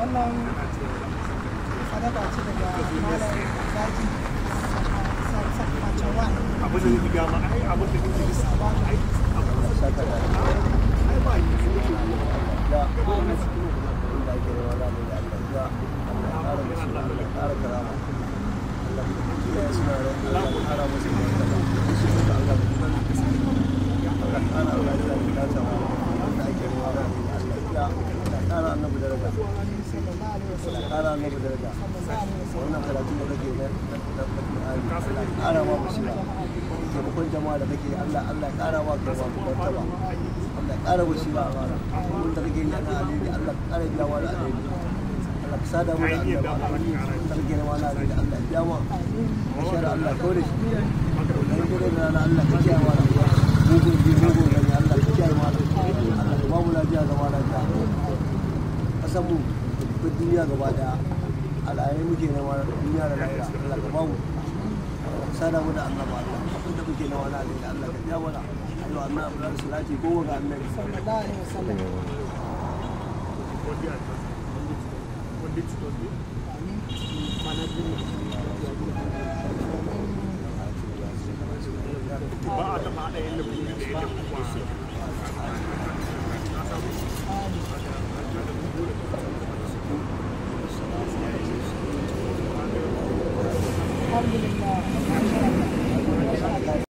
wannan sadaka ce daga malam zaki sakamakon wani abin da ya ai abin da ya ai da ya ai ba yi su ne da kuma su ne da ake da wala da ya ya ya ya kara annabi daraja kara annabi daraja wannan da Allah ba a akan Allah kara biya wa da alheri Allah ka sada mu da ta na Allah biya Allah shi Allah ka wa kasanmu mu da duniya gaba da alayyai muke na ma duniya da lahira Allah ka bamu sada mu da Allah ba Allah abin da muke na wani abin da Allah ka biya mana ayo Allah abu da salati ko ga annabi sallallahu alaihi wasallam ba a taɓa haɗa yin da kuma da yadda kuma 감사합니다.